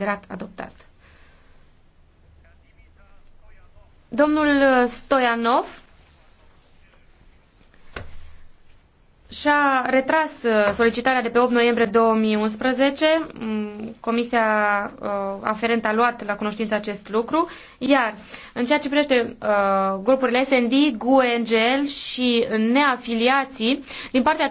considerat adoptat. Domnul Stoianov și-a retras uh, solicitarea de pe 8 noiembrie 2011. Mm, comisia uh, aferentă a luat la cunoștință acest lucru. Iar în ceea ce privește uh, grupurile SND, GUE, NGL și neafiliații, din partea